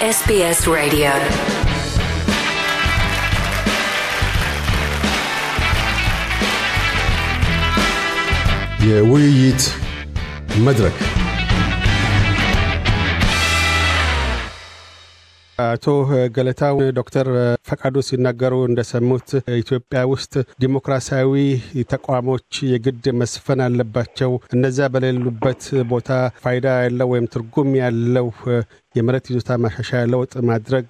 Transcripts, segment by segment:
SBS Radio. يا ويت مدرك አቶ ገለታው Doctor. ፈቃዱ ሲናገሩ እንደሰሙት ኢትዮጵያ ውስጥ ዲሞክራሲያዊ ተቋሞች የግድ መስፈን አለባቸው። እነዚያ በሌሉበት ቦታ ፋይዳ ያለው ወይም ትርጉም ያለው የመሬት ይዞታ ማሻሻያ ለውጥ ማድረግ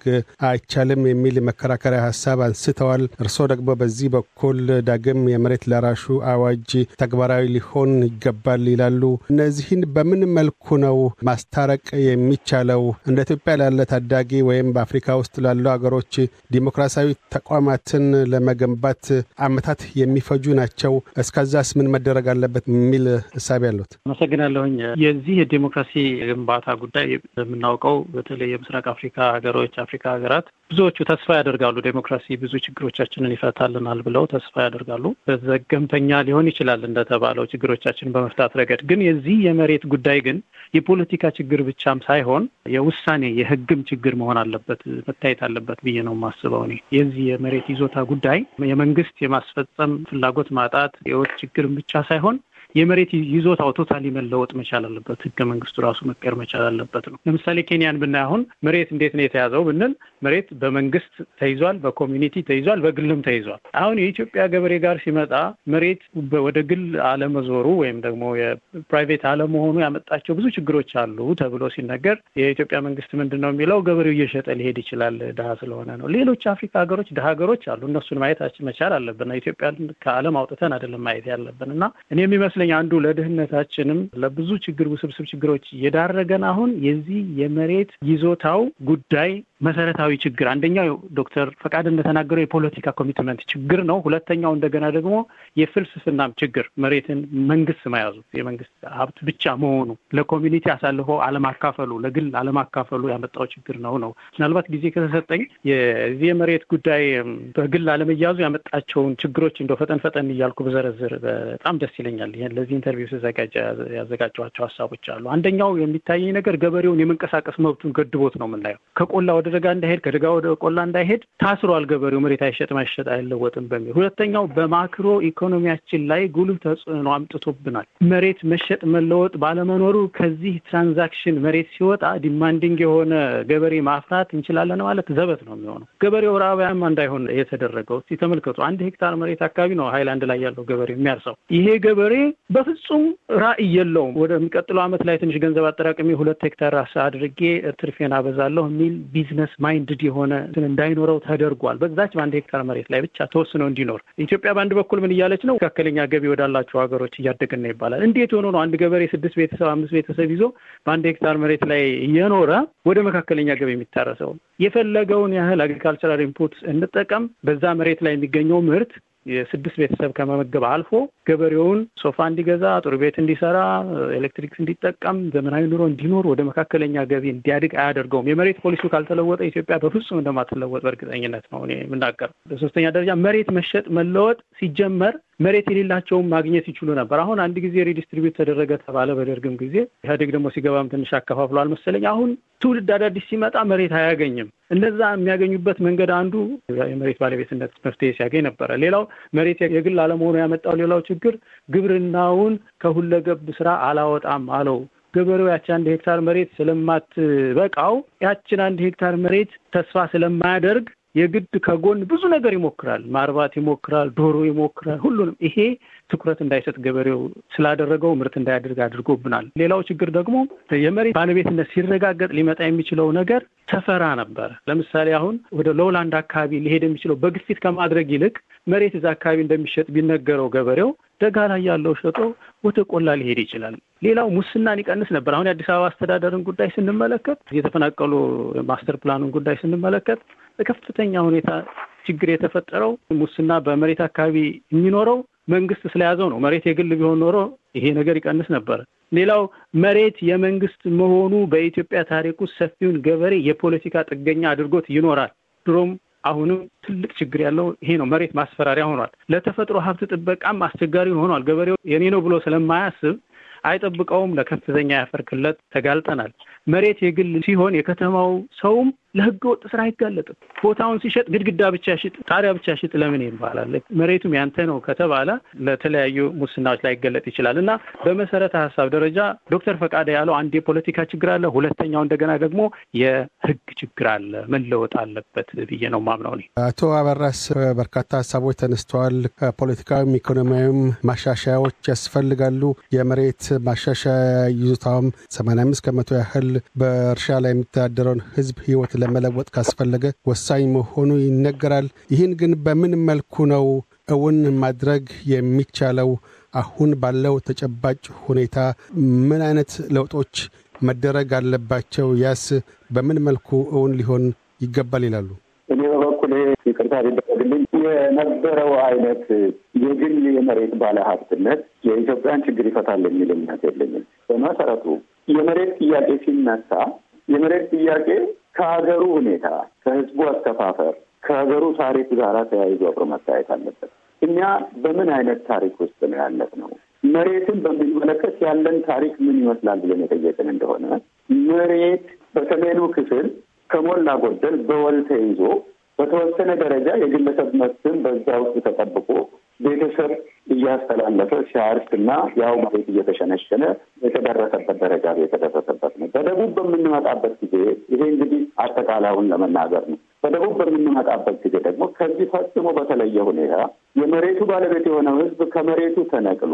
አይቻልም የሚል መከራከሪያ ሀሳብ አንስተዋል። እርስዎ ደግሞ በዚህ በኩል ዳግም የመሬት ለራሹ አዋጅ ተግባራዊ ሊሆን ይገባል ይላሉ። እነዚህን በምን መልኩ ነው ማስታረቅ የሚቻለው? እንደ ኢትዮጵያ ላለ ታዳጊ ወይም በአፍሪካ ውስጥ ላሉ ሀገሮች ዲሞ ዲሞክራሲያዊ ተቋማትን ለመገንባት አመታት የሚፈጁ ናቸው። እስከዛስ ምን መደረግ አለበት የሚል እሳቤ ያሉት። አመሰግናለሁኝ። የዚህ የዲሞክራሲ ግንባታ ጉዳይ የምናውቀው በተለይ የምስራቅ አፍሪካ ሀገሮች አፍሪካ ሀገራት ብዙዎቹ ተስፋ ያደርጋሉ ዴሞክራሲ ብዙ ችግሮቻችንን ይፈታልናል ብለው ተስፋ ያደርጋሉ። በዘገምተኛ ሊሆን ይችላል እንደተባለው ችግሮቻችንን በመፍታት ረገድ ግን የዚህ የመሬት ጉዳይ ግን የፖለቲካ ችግር ብቻም ሳይሆን የውሳኔ የሕግም ችግር መሆን አለበት መታየት አለበት ብዬ ነው የማስበው። የምለው እኔ የዚህ የመሬት ይዞታ ጉዳይ የመንግስት የማስፈጸም ፍላጎት ማጣት የህይወት ችግርን ብቻ ሳይሆን የመሬት ይዞታው ቶታሊ መለወጥ መቻል አለበት። ህገ መንግስቱ ራሱ መቀየር መቻል አለበት ነው። ለምሳሌ ኬንያን ብናይ አሁን መሬት እንዴት ነው የተያዘው ብንል መሬት በመንግስት ተይዟል፣ በኮሚኒቲ ተይዟል፣ በግልም ተይዟል። አሁን የኢትዮጵያ ገበሬ ጋር ሲመጣ መሬት ወደ ግል አለመዞሩ ወይም ደግሞ የፕራይቬት አለመሆኑ ያመጣቸው ብዙ ችግሮች አሉ ተብሎ ሲነገር የኢትዮጵያ መንግስት ምንድን ነው የሚለው ገበሬው እየሸጠ ሊሄድ ይችላል ድሃ ስለሆነ ነው። ሌሎች አፍሪካ ሀገሮች ድሃ ሀገሮች አሉ። እነሱን ማየት መቻል አለብን። ኢትዮጵያን ከአለም አውጥተን አይደለም ማየት ያለብን እና እኔ የሚመስል ይመስለኝ አንዱ ለድህነታችንም ለብዙ ችግር ውስብስብ ችግሮች የዳረገን አሁን የዚህ የመሬት ይዞታው ጉዳይ መሰረታዊ ችግር አንደኛው ዶክተር ፈቃድ እንደተናገረው የፖለቲካ ኮሚትመንት ችግር ነው። ሁለተኛው እንደገና ደግሞ የፍልስፍናም ችግር መሬትን መንግስት መያዙ የመንግስት ሀብት ብቻ መሆኑ ለኮሚኒቲ አሳልፎ አለማካፈሉ፣ ለግል አለማካፈሉ ያመጣው ችግር ነው ነው ምናልባት ጊዜ ከተሰጠኝ የዚህ የመሬት ጉዳይ በግል አለመያዙ ያመጣቸውን ችግሮች እንደው ፈጠን ፈጠን እያልኩ ብዘረዝር በጣም ደስ ይለኛል። ለዚህ ኢንተርቪው ስዘጋጅ ያዘጋጀኋቸው ሀሳቦች አሉ። አንደኛው የሚታየኝ ነገር ገበሬውን የመንቀሳቀስ መብቱን ገድቦት ነው የምናየው። ከቆላ ወደ ደጋ እንዳይሄድ፣ ከደጋ ወደ ቆላ እንዳይሄድ ታስሯል ገበሬው መሬት አይሸጥም፣ አይሸጥ አይለወጥም በሚል ሁለተኛው በማክሮ ኢኮኖሚያችን ላይ ጉልህ ተጽዕኖ አምጥቶብናል። መሬት መሸጥ መለወጥ ባለመኖሩ ከዚህ ትራንዛክሽን መሬት ሲወጣ ዲማንዲንግ የሆነ ገበሬ ማፍራት እንችላለን ማለት ዘበት ነው የሚሆነው። ገበሬው ራባያማ እንዳይሆን የተደረገው ተመልከቱ። አንድ ሄክታር መሬት አካባቢ ነው ሃይላንድ ላይ ያለው ገበሬ የሚያርሰው። ይሄ ገበሬ በፍጹም ራዕይ የለውም። ወደሚቀጥለው ዓመት ላይ ትንሽ ገንዘብ አጠራቅሜ ሁለት ሄክታር ራስ አድርጌ ትርፌን አበዛለሁ የሚል ቢዝነስ ማይንድድ የሆነ እንዳይኖረው ተደርጓል። በዛች በአንድ ሄክታር መሬት ላይ ብቻ ተወስኖ እንዲኖር ኢትዮጵያ በአንድ በኩል ምን እያለች ነው? መካከለኛ ገቢ ወዳላቸው ሀገሮች እያደግን ነው ይባላል። እንዴት የሆነ ነው አንድ ገበሬ ስድስት ቤተሰብ አምስት ቤተሰብ ይዞ በአንድ ሄክታር መሬት ላይ እየኖረ ወደ መካከለኛ ገቢ የሚታረሰው? የፈለገውን ያህል አግሪካልቸራል ኢንፑት እንጠቀም፣ በዛ መሬት ላይ የሚገኘው ምርት የስድስት ቤተሰብ ከመመገብ አልፎ ገበሬውን ሶፋ እንዲገዛ፣ ጥሩ ቤት እንዲሰራ፣ ኤሌክትሪክስ እንዲጠቀም፣ ዘመናዊ ኑሮ እንዲኖር፣ ወደ መካከለኛ ገቢ እንዲያድግ አያደርገውም። የመሬት ፖሊሲ ካልተለወጠ ኢትዮጵያ በፍጹም እንደማትለወጥ በእርግጠኝነት ነው እኔ የምናገረው። በሶስተኛ ደረጃ መሬት መሸጥ መለወጥ ሲጀመር መሬት የሌላቸውን ማግኘት ይችሉ ነበር። አሁን አንድ ጊዜ ሪዲስትሪቢዩት ተደረገ ተባለ በደርግም ጊዜ ኢህአዴግ ደግሞ ሲገባም ትንሽ አከፋፍሏል መሰለኝ። አሁን ትውልድ አዳዲስ ሲመጣ መሬት አያገኝም። እነዛ የሚያገኙበት መንገድ አንዱ የመሬት ባለቤትነት መፍትሄ ሲያገኝ ነበረ። ሌላው መሬት የግል አለመሆኑ ያመጣው ሌላው ችግር ግብርናውን ከሁለገብ ስራ አላወጣም አለው። ገበሬው ያቺ አንድ ሄክታር መሬት ስለማትበቃው ያችን አንድ ሄክታር መሬት ተስፋ ስለማያደርግ የግድ ከጎን ብዙ ነገር ይሞክራል። ማርባት ይሞክራል፣ ዶሮ ይሞክራል፣ ሁሉንም። ይሄ ትኩረት እንዳይሰጥ ገበሬው ስላደረገው ምርት እንዳያደርግ አድርጎብናል። ሌላው ችግር ደግሞ የመሬት ባለቤትነት ሲረጋገጥ ሊመጣ የሚችለው ነገር ሰፈራ ነበር። ለምሳሌ አሁን ወደ ሎውላንድ አካባቢ ሊሄድ የሚችለው በግፊት ከማድረግ ይልቅ መሬት እዛ አካባቢ እንደሚሸጥ ቢነገረው ገበሬው ደጋ ላይ ያለው ሸጦ ወደ ቆላ ሊሄድ ይችላል። ሌላው ሙስናን ይቀንስ ነበር። አሁን የአዲስ አበባ አስተዳደርን ጉዳይ ስንመለከት፣ የተፈናቀሉ ማስተር ፕላኑን ጉዳይ ስንመለከት በከፍተኛ ሁኔታ ችግር የተፈጠረው ሙስና በመሬት አካባቢ የሚኖረው መንግስት ስለያዘው ነው። መሬት የግል ቢሆን ኖሮ ይሄ ነገር ይቀንስ ነበር። ሌላው መሬት የመንግስት መሆኑ በኢትዮጵያ ታሪክ ውስጥ ሰፊውን ገበሬ የፖለቲካ ጥገኛ አድርጎት ይኖራል። ድሮም አሁንም ትልቅ ችግር ያለው ይሄ ነው። መሬት ማስፈራሪያ ሆኗል። ለተፈጥሮ ሀብት ጥበቃም አስቸጋሪ ሆኗል። ገበሬው የኔ ነው ብሎ ስለማያስብ አይጠብቀውም። ለከፍተኛ የአፈር ክለት ተጋልጠናል። መሬት የግል ሲሆን የከተማው ሰውም ለህገ ወጥ ስራ አይጋለጥም። ቦታውን ሲሸጥ ግድግዳ ብቻ ሽጥ፣ ጣሪያ ብቻ ሽጥ ለምን ይባላል? መሬቱም ያንተ ነው ከተባለ ለተለያዩ ሙስናዎች ላይገለጥ ይችላል እና በመሰረተ ሀሳብ ደረጃ ዶክተር ፈቃደ ያለው አንድ የፖለቲካ ችግር አለ፣ ሁለተኛው እንደገና ደግሞ የህግ ችግር አለ፣ መለወጥ አለበት ብዬ ነው ማምነው እኔ። አቶ አበራስ በርካታ ሀሳቦች ተነስተዋል። ፖለቲካዊም ኢኮኖሚያዊም ማሻሻያዎች ያስፈልጋሉ። የመሬት ማሻሻያ ይዞታውም ሰማንያ አምስት ከመቶ ያህል በእርሻ ላይ የሚተዳደረውን ህዝብ ህይወት ለመለወጥ ካስፈለገ ወሳኝ መሆኑ ይነገራል። ይህን ግን በምን መልኩ ነው እውን ማድረግ የሚቻለው? አሁን ባለው ተጨባጭ ሁኔታ ምን አይነት ለውጦች መደረግ አለባቸው? ያስ በምን መልኩ እውን ሊሆን ይገባል ይላሉ። እኔ በበኩሌ ይቅርታ ሊደረግልኝ የነበረው አይነት የግል የመሬት ባለሀብትነት የኢትዮጵያን ችግር ይፈታል የሚል እምነት የለኝም። በመሰረቱ የመሬት ጥያቄ ሲነሳ የመሬት ጥያቄ ከሀገሩ ሁኔታ፣ ከህዝቡ አስተፋፈር፣ ከሀገሩ ታሪክ ጋር ተያይዞ አብሮ መታየት አለበት። እኛ በምን አይነት ታሪክ ውስጥ ነው ያለት ነው መሬትን በሚመለከት ያለን ታሪክ ምን ይመስላል ብለን የጠየቅን እንደሆነ መሬት በሰሜኑ ክፍል ከሞላ ጎደል በወል ተይዞ በተወሰነ ደረጃ የግለሰብ መብትን በዛ ውስጥ ተጠብቆ ቤተሰብ እያስተላለፈ ሲያርፍና ያው መሬት እየተሸነሸነ የተደረሰበት ደረጃ የተደረሰበት ነው። በደቡብ በምንመጣበት ጊዜ ይሄ እንግዲህ አጠቃላዩን ለመናገር ነው። በደቡብ በምንመጣበት ጊዜ ደግሞ ከዚህ ፈጽሞ በተለየ ሁኔታ የመሬቱ ባለቤት የሆነው ሕዝብ ከመሬቱ ተነቅሎ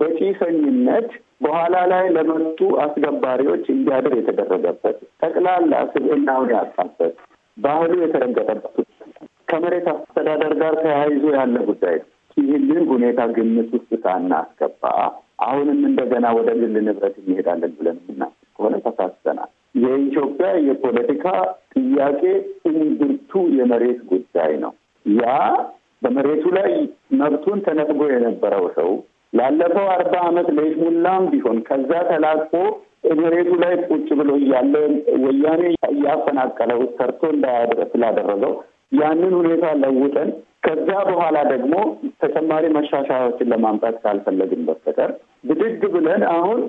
በጭሰኝነት በኋላ ላይ ለመጡ አስገባሪዎች እንዲያድር የተደረገበት ጠቅላላ ስብዕናውን ያጣበት ባህሉ የተረገጠበት ከመሬት አስተዳደር ጋር ተያይዞ ያለ ጉዳይ ነው። ይህንን ሁኔታ ግምት ውስጥ ሳናስገባ አሁንም እንደገና ወደ ግል ንብረት እንሄዳለን ብለን የምናስብ ከሆነ ተሳስተናል። የኢትዮጵያ የፖለቲካ ጥያቄ እንድርቱ የመሬት ጉዳይ ነው። ያ በመሬቱ ላይ መብቱን ተነጥጎ የነበረው ሰው ላለፈው አርባ ዓመት ለይስሙላም ቢሆን ከዛ ተላቆ መሬቱ ላይ ቁጭ ብሎ እያለ ወያኔ እያፈናቀለው ሰርቶ ስላደረገው ያንን ሁኔታ ለውጠን ከዛ በኋላ ደግሞ ተጨማሪ መሻሻያዎችን ለማምጣት ካልፈለግን በስተቀር ብድግ ብለን አሁን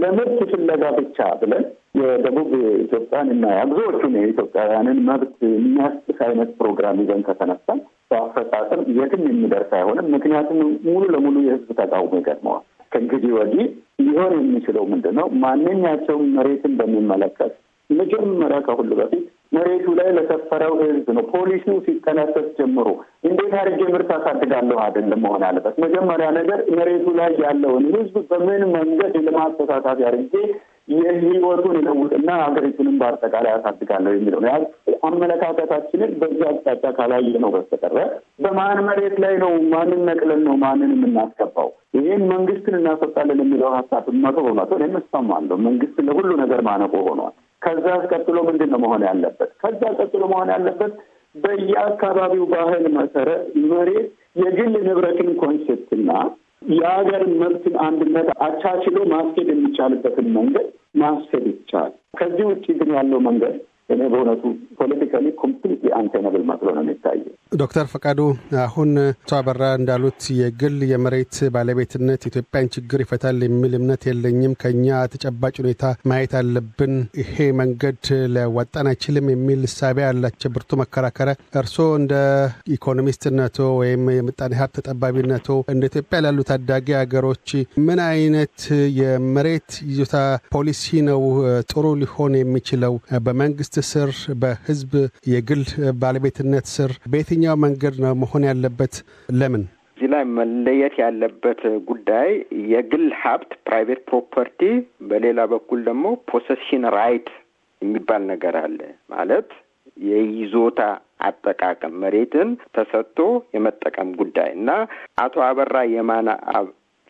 ለምርት ፍለጋ ብቻ ብለን የደቡብ ኢትዮጵያን እና ብዙዎቹን የኢትዮጵያውያንን መብት የሚያስጥስ አይነት ፕሮግራም ይዘን ከተነሳን በአፈጻጸም የትም የሚደርስ አይሆንም። ምክንያቱም ሙሉ ለሙሉ የህዝብ ተቃውሞ ይገጥመዋል። ከእንግዲህ ወዲህ ሊሆን የሚችለው ምንድን ነው? ማንኛቸውም መሬትን በሚመለከት መጀመሪያ ከሁሉ በፊት መሬቱ ላይ ለሰፈረው ህዝብ ነው። ፖሊሱ ሲተነፈስ ጀምሮ እንዴት አድርጌ ምርት አሳድጋለሁ አይደለም መሆን አለበት። መጀመሪያ ነገር መሬቱ ላይ ያለውን ህዝብ በምን መንገድ የልማት ተሳታፊ አድርጌ የህይወቱን ለውጥና ሀገሪቱንም በአጠቃላይ አሳድጋለሁ የሚለው ነው። አመለካከታችንን በዚህ አቅጣጫ ካላየ ነው በስተቀረ በማን መሬት ላይ ነው ማንን ነቅለን ነው ማንን የምናስገባው ይህን መንግስትን እናስወጣለን የሚለው ሀሳብ መቶ በመቶ እኔም እስማማለሁ። መንግስት ለሁሉ ነገር ማነቆ ሆኗል። ከዛ ቀጥሎ ምንድን ነው መሆን ያለበት? ከዛ ቀጥሎ መሆን ያለበት በየአካባቢው ባህል መሰረት መሬት የግል ንብረትን ኮንሴፕትና የሀገር መብትን አንድነት አቻችሎ ማስኬድ የሚቻልበትን መንገድ ማስኬድ ይቻል። ከዚህ ውጭ ግን ያለው መንገድ እኔ በእውነቱ ፖለቲካሊ ኮምፕሊት አንቴነብል መስሎ ነው የሚታየ። ዶክተር ፈቃዱ አሁን አቶ አበራ እንዳሉት የግል የመሬት ባለቤትነት ኢትዮጵያን ችግር ይፈታል የሚል እምነት የለኝም። ከኛ ተጨባጭ ሁኔታ ማየት አለብን። ይሄ መንገድ ሊያዋጣን አይችልም የሚል እሳቢያ ያላቸው ብርቱ መከራከሪያ። እርስዎ እንደ ኢኮኖሚስትነቶ ወይም የምጣኔ ሀብት ተጠባቢነቶ እንደ ኢትዮጵያ ላሉ ታዳጊ ሀገሮች ምን አይነት የመሬት ይዞታ ፖሊሲ ነው ጥሩ ሊሆን የሚችለው በመንግስት በመንግስት ስር፣ በህዝብ የግል ባለቤትነት ስር በየትኛው መንገድ ነው መሆን ያለበት? ለምን? እዚህ ላይ መለየት ያለበት ጉዳይ የግል ሀብት ፕራይቬት ፕሮፐርቲ፣ በሌላ በኩል ደግሞ ፖሰሽን ራይት የሚባል ነገር አለ ማለት የይዞታ አጠቃቀም መሬትን ተሰጥቶ የመጠቀም ጉዳይ እና አቶ አበራ የማነ አብ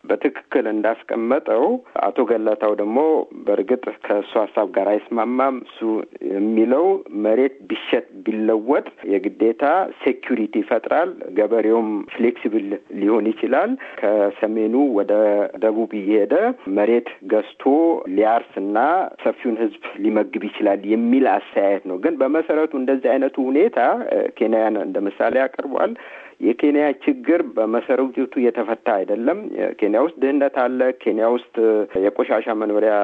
በትክክል እንዳስቀመጠው አቶ ገለታው ደግሞ በእርግጥ ከእሱ ሀሳብ ጋር አይስማማም። እሱ የሚለው መሬት ቢሸጥ ቢለወጥ የግዴታ ሴኪሪቲ ይፈጥራል፣ ገበሬውም ፍሌክሲብል ሊሆን ይችላል። ከሰሜኑ ወደ ደቡብ እየሄደ መሬት ገዝቶ ሊያርስ እና ሰፊውን ህዝብ ሊመግብ ይችላል የሚል አስተያየት ነው። ግን በመሰረቱ እንደዚህ አይነቱ ሁኔታ ኬንያን እንደ ምሳሌ ያቀርቧል። የኬንያ ችግር በመሰረቱ የተፈታ አይደለም። ኬንያ ውስጥ ድህነት አለ። ኬንያ ውስጥ የቆሻሻ መኖሪያ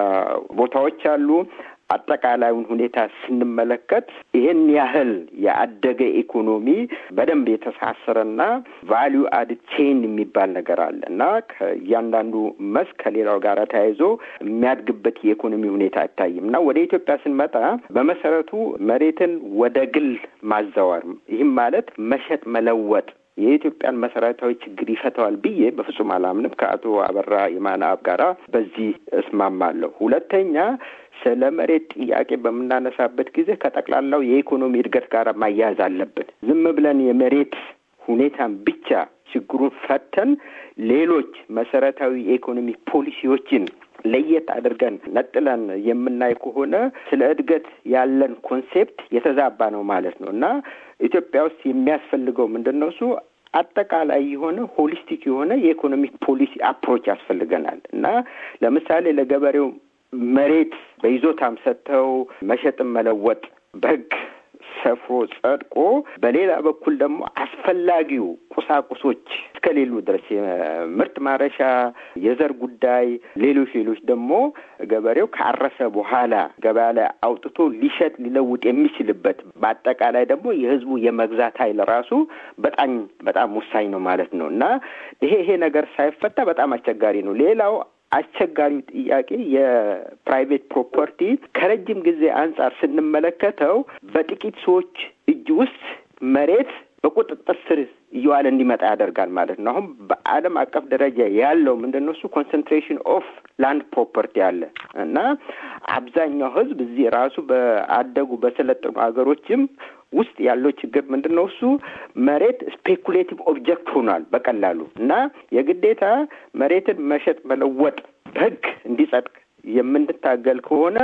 ቦታዎች አሉ። አጠቃላዩን ሁኔታ ስንመለከት ይሄን ያህል የአደገ ኢኮኖሚ በደንብ የተሳሰረና ቫሊዩ አድ ቼን የሚባል ነገር አለ እና ከእያንዳንዱ መስክ ከሌላው ጋር ተያይዞ የሚያድግበት የኢኮኖሚ ሁኔታ አይታይም እና ወደ ኢትዮጵያ ስንመጣ በመሰረቱ መሬትን ወደ ግል ማዘዋር ይህም ማለት መሸጥ መለወጥ የኢትዮጵያን መሰረታዊ ችግር ይፈተዋል ብዬ በፍጹም አላምንም። ከአቶ አበራ የማነአብ ጋራ በዚህ እስማማለሁ። ሁለተኛ ስለ መሬት ጥያቄ በምናነሳበት ጊዜ ከጠቅላላው የኢኮኖሚ እድገት ጋር ማያያዝ አለብን። ዝም ብለን የመሬት ሁኔታን ብቻ ችግሩን ፈተን ሌሎች መሰረታዊ የኢኮኖሚ ፖሊሲዎችን ለየት አድርገን ነጥለን የምናይ ከሆነ ስለ እድገት ያለን ኮንሴፕት የተዛባ ነው ማለት ነው እና ኢትዮጵያ ውስጥ የሚያስፈልገው ምንድን ነው እሱ አጠቃላይ የሆነ ሆሊስቲክ የሆነ የኢኮኖሚክ ፖሊሲ አፕሮች ያስፈልገናል እና ለምሳሌ ለገበሬው መሬት በይዞታም ሰጥተው መሸጥም መለወጥ በህግ ሰፍሮ ጸድቆ፣ በሌላ በኩል ደግሞ አስፈላጊው ቁሳቁሶች እስከሌሉ ድረስ ምርት ማረሻ፣ የዘር ጉዳይ፣ ሌሎች ሌሎች ደግሞ ገበሬው ካረሰ በኋላ ገበያ ላይ አውጥቶ ሊሸጥ ሊለውጥ የሚችልበት በአጠቃላይ ደግሞ የህዝቡ የመግዛት ኃይል ራሱ በጣም በጣም ወሳኝ ነው ማለት ነው እና ይሄ ይሄ ነገር ሳይፈታ በጣም አስቸጋሪ ነው። ሌላው አስቸጋሪው ጥያቄ የፕራይቬት ፕሮፐርቲ ከረጅም ጊዜ አንጻር ስንመለከተው በጥቂት ሰዎች እጅ ውስጥ መሬት በቁጥጥር ስር እየዋለ እንዲመጣ ያደርጋል ማለት ነው። አሁን በዓለም አቀፍ ደረጃ ያለው ምንድን ነው እሱ ኮንሰንትሬሽን ኦፍ ላንድ ፕሮፐርቲ አለ እና አብዛኛው ሕዝብ እዚህ ራሱ በአደጉ በሰለጠኑ ሀገሮችም ውስጥ ያለው ችግር ምንድን ነው? እሱ መሬት ስፔኩሌቲቭ ኦብጀክት ሆኗል በቀላሉ እና የግዴታ መሬትን መሸጥ መለወጥ በህግ እንዲጸድቅ የምንታገል ከሆነ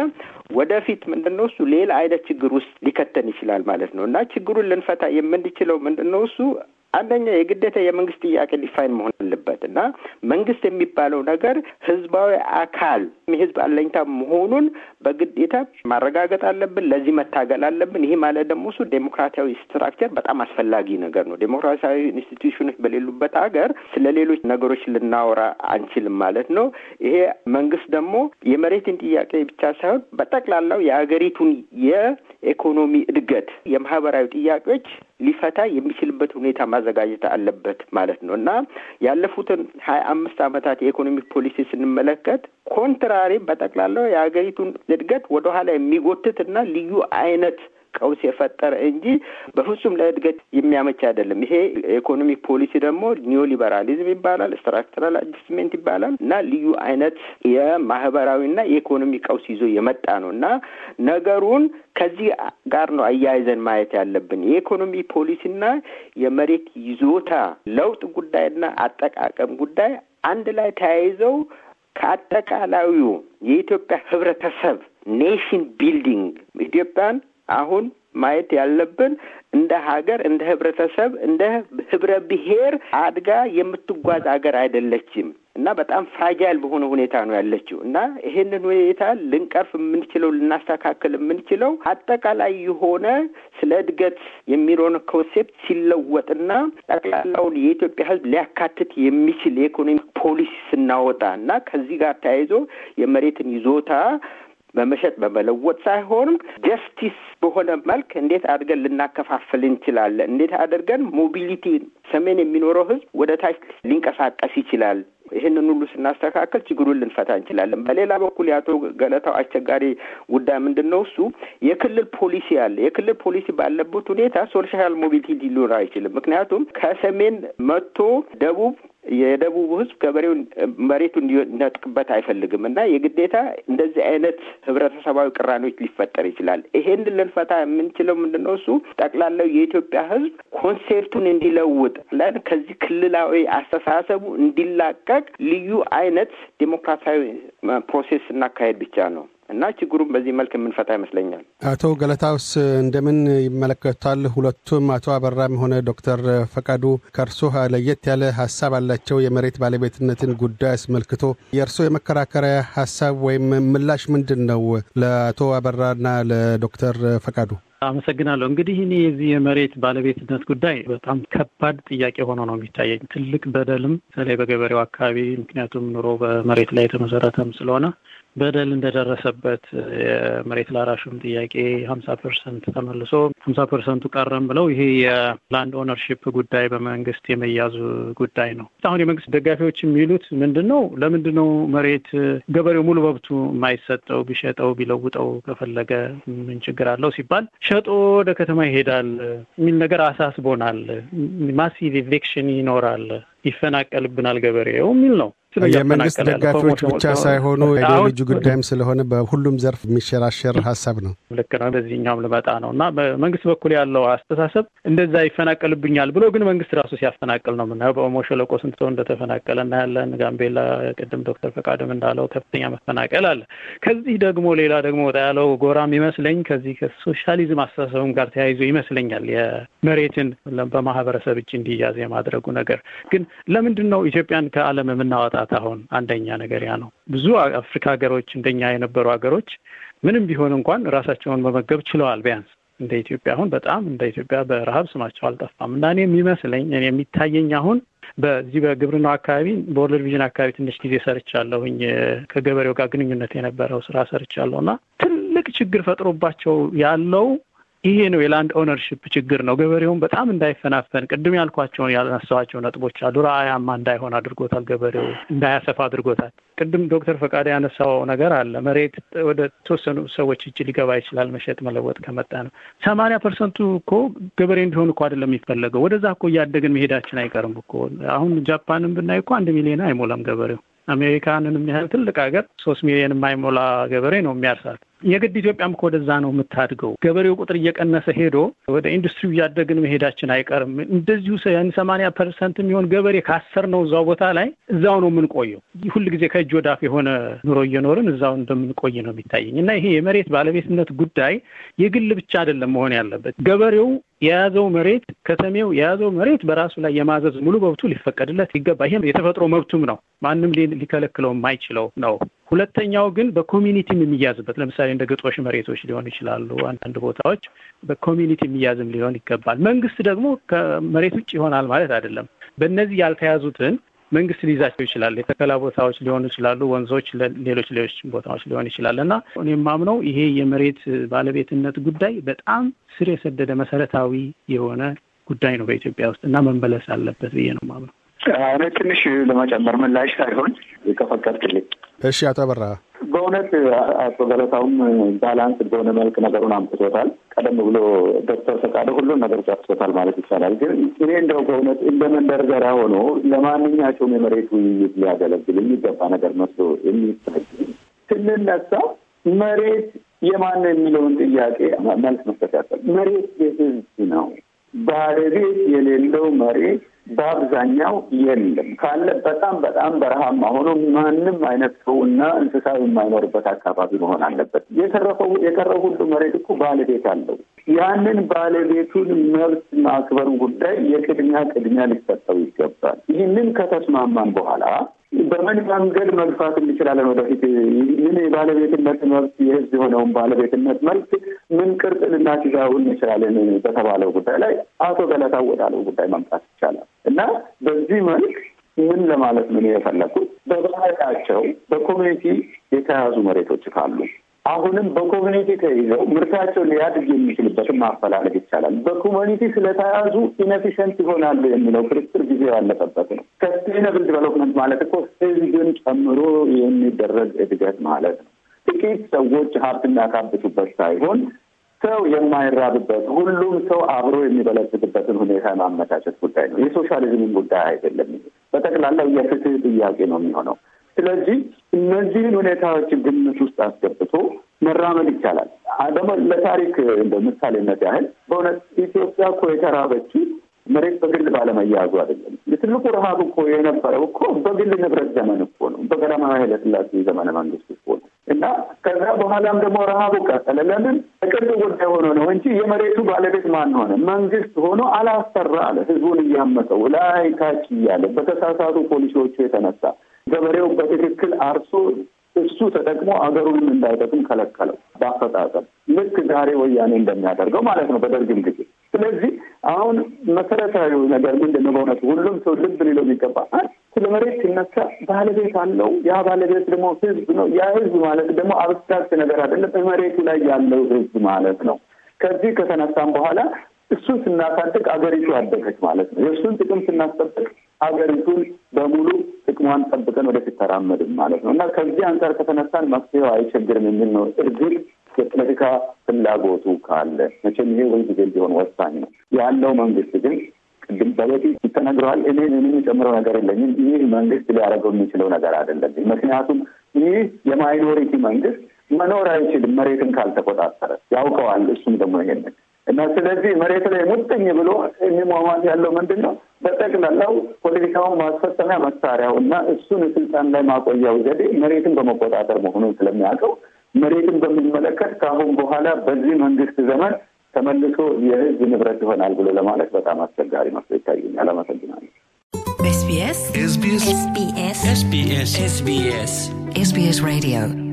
ወደፊት ምንድን ነው እሱ ሌላ አይነት ችግር ውስጥ ሊከተን ይችላል ማለት ነው እና ችግሩን ልንፈታ የምንችለው ምንድን ነው እሱ አንደኛ የግዴታ የመንግስት ጥያቄ ዲፋይን መሆን አለበት እና መንግስት የሚባለው ነገር ህዝባዊ አካል የህዝብ አለኝታ መሆኑን በግዴታ ማረጋገጥ አለብን። ለዚህ መታገል አለብን። ይህ ማለት ደግሞ እሱ ዴሞክራሲያዊ ስትራክቸር በጣም አስፈላጊ ነገር ነው። ዴሞክራሲያዊ ኢንስቲትዩሽኖች በሌሉበት ሀገር ስለ ሌሎች ነገሮች ልናወራ አንችልም ማለት ነው። ይሄ መንግስት ደግሞ የመሬትን ጥያቄ ብቻ ሳይሆን በጠቅላላው የሀገሪቱን የኢኮኖሚ እድገት፣ የማህበራዊ ጥያቄዎች ሊፈታ የሚችልበት ሁኔታ ማዘጋጀት አለበት ማለት ነው እና ያለፉትን ሀያ አምስት ዓመታት የኢኮኖሚክ ፖሊሲ ስንመለከት ኮንትራሪ በጠቅላላው የሀገሪቱን እድገት ወደኋላ የሚጎትት እና ልዩ አይነት ቀውስ የፈጠረ እንጂ በፍጹም ለእድገት የሚያመች አይደለም። ይሄ የኢኮኖሚ ፖሊሲ ደግሞ ኒዮ ሊበራሊዝም ይባላል፣ ስትራክቸራል አጅስትሜንት ይባላል እና ልዩ አይነት የማህበራዊና የኢኮኖሚ ቀውስ ይዞ የመጣ ነው እና ነገሩን ከዚህ ጋር ነው አያይዘን ማየት ያለብን። የኢኮኖሚ ፖሊሲና የመሬት ይዞታ ለውጥ ጉዳይና አጠቃቀም ጉዳይ አንድ ላይ ተያይዘው ከአጠቃላዩ የኢትዮጵያ ህብረተሰብ ኔሽን ቢልዲንግ ኢትዮጵያን አሁን ማየት ያለብን እንደ ሀገር፣ እንደ ህብረተሰብ፣ እንደ ህብረ ብሔር አድጋ የምትጓዝ ሀገር አይደለችም እና በጣም ፍራጃይል በሆነ ሁኔታ ነው ያለችው እና ይህንን ሁኔታ ልንቀርፍ የምንችለው ልናስተካከል የምንችለው አጠቃላይ የሆነ ስለ እድገት የሚለውን ኮንሴፕት ሲለወጥና ጠቅላላውን የኢትዮጵያ ህዝብ ሊያካትት የሚችል የኢኮኖሚ ፖሊሲ ስናወጣ እና ከዚህ ጋር ተያይዞ የመሬትን ይዞታ በመሸጥ በመለወጥ ሳይሆን ጀስቲስ በሆነ መልክ እንዴት አድርገን ልናከፋፍል እንችላለን? እንዴት አድርገን ሞቢሊቲ ሰሜን የሚኖረው ህዝብ ወደ ታች ሊንቀሳቀስ ይችላል? ይህንን ሁሉ ስናስተካከል ችግሩን ልንፈታ እንችላለን። በሌላ በኩል የአቶ ገለታው አስቸጋሪ ጉዳይ ምንድን ነው? እሱ የክልል ፖሊሲ አለ። የክልል ፖሊሲ ባለበት ሁኔታ ሶሻል ሞቢሊቲ ሊኖር አይችልም። ምክንያቱም ከሰሜን መጥቶ ደቡብ የደቡቡ ህዝብ ገበሬውን መሬቱ እንዲነጥቅበት አይፈልግም እና የግዴታ እንደዚህ አይነት ህብረተሰባዊ ቅራኔዎች ሊፈጠር ይችላል። ይሄንን ልንፈታ የምንችለው ምንድን ነው? እሱ ጠቅላላው የኢትዮጵያ ህዝብ ኮንሴፕቱን እንዲለውጥ ለን ከዚህ ክልላዊ አስተሳሰቡ እንዲላቀቅ ልዩ አይነት ዴሞክራሲያዊ ፕሮሴስ እናካሄድ ብቻ ነው። እና ችግሩን በዚህ መልክ የምንፈታ ይመስለኛል። አቶ ገለታውስ እንደምን ይመለከቱታል? ሁለቱም አቶ አበራም ሆነ ዶክተር ፈቃዱ ከእርሶ ለየት ያለ ሀሳብ አላቸው። የመሬት ባለቤትነትን ጉዳይ አስመልክቶ የእርሶ የመከራከሪያ ሀሳብ ወይም ምላሽ ምንድን ነው? ለአቶ አበራና ለዶክተር ፈቃዱ አመሰግናለሁ። እንግዲህ እኔ የዚህ የመሬት ባለቤትነት ጉዳይ በጣም ከባድ ጥያቄ ሆኖ ነው የሚታየኝ። ትልቅ በደልም በተለይ በገበሬው አካባቢ፣ ምክንያቱም ኑሮ በመሬት ላይ የተመሰረተም ስለሆነ በደል እንደደረሰበት የመሬት ላራሹም ጥያቄ ሀምሳ ፐርሰንት ተመልሶ ሀምሳ ፐርሰንቱ ቀረም ብለው ይሄ የላንድ ኦነርሽፕ ጉዳይ በመንግስት የመያዙ ጉዳይ ነው። አሁን የመንግስት ደጋፊዎች የሚሉት ምንድን ነው? ለምንድን ነው መሬት ገበሬው ሙሉ በብቱ የማይሰጠው? ቢሸጠው ቢለውጠው ከፈለገ ምን ችግር አለው ሲባል ሸጦ ወደ ከተማ ይሄዳል የሚል ነገር አሳስቦናል። ማሲቭ ኢቬክሽን ይኖራል፣ ይፈናቀልብናል ገበሬው የሚል ነው። ሌሎችን የመንግስት ደጋፊዎች ብቻ ሳይሆኑ የልጁ ጉዳይም ስለሆነ በሁሉም ዘርፍ የሚሸራሸር ሀሳብ ነው። ልክ ነው። እንደዚህኛውም ልመጣ ነው እና በመንግስት በኩል ያለው አስተሳሰብ እንደዛ ይፈናቀልብኛል ብሎ ግን መንግስት ራሱ ሲያፈናቅል ነው የምናየው። በኦሞ ሸለቆ ስንት ሰው እንደተፈናቀለ እናያለን። ጋምቤላ ቅድም ዶክተር ፈቃድም እንዳለው ከፍተኛ መፈናቀል አለ። ከዚህ ደግሞ ሌላ ደግሞ ወጣ ያለው ጎራም ይመስለኝ ከዚህ ከሶሻሊዝም አስተሳሰብም ጋር ተያይዞ ይመስለኛል የመሬትን በማህበረሰብ እጅ እንዲያዝ የማድረጉ ነገር ግን ለምንድን ነው ኢትዮጵያን ከዓለም የምናወጣ? መግባት አሁን አንደኛ ነገር ያ ነው። ብዙ አፍሪካ ሀገሮች እንደኛ የነበሩ ሀገሮች ምንም ቢሆን እንኳን ራሳቸውን መመገብ ችለዋል ቢያንስ እንደ ኢትዮጵያ አሁን በጣም እንደ ኢትዮጵያ በረሀብ ስማቸው አልጠፋም። እና እኔ የሚመስለኝ እኔ የሚታየኝ አሁን በዚህ በግብርናው አካባቢ በወርልድ ቪዥን አካባቢ ትንሽ ጊዜ ሰርቻለሁኝ። ከገበሬው ጋር ግንኙነት የነበረው ስራ ሰርቻለሁ እና ትልቅ ችግር ፈጥሮባቸው ያለው ይሄ ነው የላንድ ኦነርሽፕ ችግር ነው። ገበሬውን በጣም እንዳይፈናፈን ቅድም ያልኳቸውን ያነሳቸው ነጥቦች አሉ። ረአያማ እንዳይሆን አድርጎታል። ገበሬው እንዳያሰፋ አድርጎታል። ቅድም ዶክተር ፈቃደ ያነሳው ነገር አለ። መሬት ወደ ተወሰኑ ሰዎች እጅ ሊገባ ይችላል፣ መሸጥ መለወጥ ከመጣ ነው። ሰማንያ ፐርሰንቱ እኮ ገበሬ እንዲሆን እኮ አይደለም የሚፈለገው። ወደዛ እኮ እያደግን መሄዳችን አይቀርም እኮ። አሁን ጃፓንን ብናይ እኮ አንድ ሚሊዮን አይሞላም ገበሬው። አሜሪካንን የሚያህል ትልቅ ሀገር ሶስት ሚሊዮን የማይሞላ ገበሬ ነው የሚያርሳት የግድ ኢትዮጵያም ከወደዛ ነው የምታድገው። ገበሬው ቁጥር እየቀነሰ ሄዶ ወደ ኢንዱስትሪው እያደግን መሄዳችን አይቀርም። እንደዚሁ ሰማንያ ፐርሰንት የሚሆን ገበሬ ካሰር ነው እዛው ቦታ ላይ እዛው ነው የምንቆየው። ሁል ጊዜ ከእጅ ወዳፍ የሆነ ኑሮ እየኖርን እዛው እንደምንቆይ ነው የሚታየኝ እና ይሄ የመሬት ባለቤትነት ጉዳይ የግል ብቻ አይደለም መሆን ያለበት ገበሬው የያዘው መሬት ከተሜው የያዘው መሬት በራሱ ላይ የማዘዝ ሙሉ መብቱ ሊፈቀድለት ይገባ። ይሄም የተፈጥሮ መብቱም ነው። ማንም ሊከለክለው የማይችለው ነው። ሁለተኛው ግን በኮሚኒቲ የሚያዝበት ለምሳሌ እንደ ግጦሽ መሬቶች ሊሆን ይችላሉ። አንዳንድ ቦታዎች በኮሚኒቲ የሚያዝም ሊሆን ይገባል። መንግስት ደግሞ ከመሬት ውጭ ይሆናል ማለት አይደለም። በእነዚህ ያልተያዙትን መንግስት ሊይዛቸው ይችላል። የተከላ ቦታዎች ሊሆኑ ይችላሉ፣ ወንዞች፣ ሌሎች ሌሎች ቦታዎች ሊሆን ይችላል እና እኔ የማምነው ይሄ የመሬት ባለቤትነት ጉዳይ በጣም ስር የሰደደ መሰረታዊ የሆነ ጉዳይ ነው በኢትዮጵያ ውስጥ እና መመለስ አለበት ብዬ ነው የማምነው። እኔ ትንሽ ለመጨመር ምላሽ ሳይሆን ከፈቀድክልኝ። እሺ፣ አቶ አበራ በእውነት አቶ ገለታውም ባላንስ በሆነ መልክ ነገሩን አምጥቶታል። ቀደም ብሎ ዶክተር ፈቃደ ሁሉን ነገር ጨርሶታል ማለት ይቻላል። ግን እኔ እንደው በእውነት እንደ መንደርደሪያ ሆኖ ለማንኛቸውም የመሬት ውይይት ሊያገለግል የሚገባ ነገር መስሎ የሚታይ ስንነሳ መሬት የማን የሚለውን ጥያቄ መልስ መስጠት ያል መሬት የህዝብ ነው። ባለቤት የሌለው መሬት በአብዛኛው የለም። ካለ በጣም በጣም በረሃማ ሆኖ ማንም አይነት ሰውና እንስሳ የማይኖርበት አካባቢ መሆን አለበት። የተረፈው የቀረው ሁሉ መሬት እኮ ባለቤት አለው። ያንን ባለቤቱን መብት ማክበሩ ጉዳይ የቅድሚያ ቅድሚያ ሊሰጠው ይገባል። ይህንን ከተስማማን በኋላ በምን መንገድ መግፋት እንችላለን? ወደፊት ይህን የባለቤትነት መብት የህዝብ የሆነውን ባለቤትነት መብት ምን ቅርጽ ልናስይዘው እንችላለን? በተባለው ጉዳይ ላይ አቶ ገለታ ወዳለው ጉዳይ ማምጣት ይቻላል እና በዚህ መልክ ምን ለማለት ምን የፈለኩት በባህላቸው በኮሚኒቲ የተያዙ መሬቶች ካሉ አሁንም በኮሚኒቲ ተይዘው ምርታቸው ሊያድግ የሚችልበትን ማፈላለግ ይቻላል። በኮሚኒቲ ስለተያዙ ኢነፊሸንት ይሆናሉ የሚለው ክርክር ጊዜ ያለፈበት ነው። ሰስቴነብል ዲቨሎፕመንት ማለት እኮ ህዝብን ጨምሮ የሚደረግ እድገት ማለት ነው። ጥቂት ሰዎች ሀብት የሚያካብቱበት ሳይሆን ሰው የማይራብበት ሁሉም ሰው አብሮ የሚበለጽግበትን ሁኔታ የማመቻቸት ጉዳይ ነው። የሶሻሊዝምን ጉዳይ አይደለም። በጠቅላላው የፍትህ ጥያቄ ነው የሚሆነው። ስለዚህ እነዚህን ሁኔታዎች ግምት ውስጥ አስገብቶ መራመድ ይቻላል። ደግሞ ለታሪክ እንደ ምሳሌነት ያህል በእውነት ኢትዮጵያ እኮ የተራበች መሬት በግል ባለመያዙ አይደለም። የትልቁ ረሃብ እኮ የነበረው እኮ በግል ንብረት ዘመን እኮ ነው፣ በቀዳማዊ ኃይለ ዘመነ መንግስት እኮ ነው። እና ከዛ በኋላም ደግሞ ረሃቡ ቀጠለ። ለምን እቅድ ጉዳይ ሆኖ ነው እንጂ የመሬቱ ባለቤት ማን ሆነ? መንግስት ሆኖ አላሰራ አለ። ህዝቡን እያመጠው ላይ ታች እያለ በተሳሳቱ ፖሊሲዎቹ የተነሳ ገበሬው በትክክል አርሶ እሱ ተጠቅሞ አገሩንም እንዳይጠቅም ከለከለው በአፈጣጠም ልክ ዛሬ ወያኔ እንደሚያደርገው ማለት ነው በደርግም ጊዜ ስለዚህ አሁን መሰረታዊ ነገር ምንድን ነው? በእውነቱ ሁሉም ሰው ልብ ሊለው የሚገባ ስለ መሬት ሲነሳ ባለቤት አለው። ያ ባለቤት ደግሞ ህዝብ ነው። ያ ህዝብ ማለት ደግሞ አብስትራክት ነገር አይደለም። በመሬቱ ላይ ያለው ህዝብ ማለት ነው። ከዚህ ከተነሳም በኋላ እሱን ስናሳድግ አገሪቱ አደገች ማለት ነው። የእሱን ጥቅም ስናስጠብቅ ሀገሪቱን በሙሉ ጥቅሟን ጠብቀን ወደፊት ተራመድም ማለት ነው እና ከዚህ አንጻር ከተነሳን መፍትሄው አይቸግርም የሚል ነው። እርግጥ የፖለቲካ ፍላጎቱ ካለ መቼም ይሄ ወይ ጊዜ ቢሆን ወሳኝ ነው ያለው መንግስት ግን ቅድም በበቂ ይተነግረዋል። እኔ ምንም የጨምረው ነገር የለኝም። ይህ መንግስት ሊያደርገው የሚችለው ነገር አይደለም። ምክንያቱም ይህ የማይኖሪቲ መንግስት መኖር አይችልም መሬትን ካልተቆጣጠረ ያውቀዋል። እሱም ደግሞ ይሄንን እና ስለዚህ መሬት ላይ ሙጥኝ ብሎ የሚሟሟት ያለው ምንድን ነው በጠቅላላው ፖለቲካውን ማስፈጸሚያ መሳሪያው እና እሱን ስልጣን ላይ ማቆያው ዘዴ መሬትን በመቆጣጠር መሆኑን ስለሚያውቀው መሬትን በሚመለከት ከአሁን በኋላ በዚህ መንግስት ዘመን ተመልሶ የህዝብ ንብረት ይሆናል ብሎ ለማለት በጣም አስቸጋሪ መስሎ ይታየኛል። አመሰግናለሁ። ኤስቢኤስ ኤስቢኤስ ኤስቢኤስ ኤስቢኤስ ሬዲዮ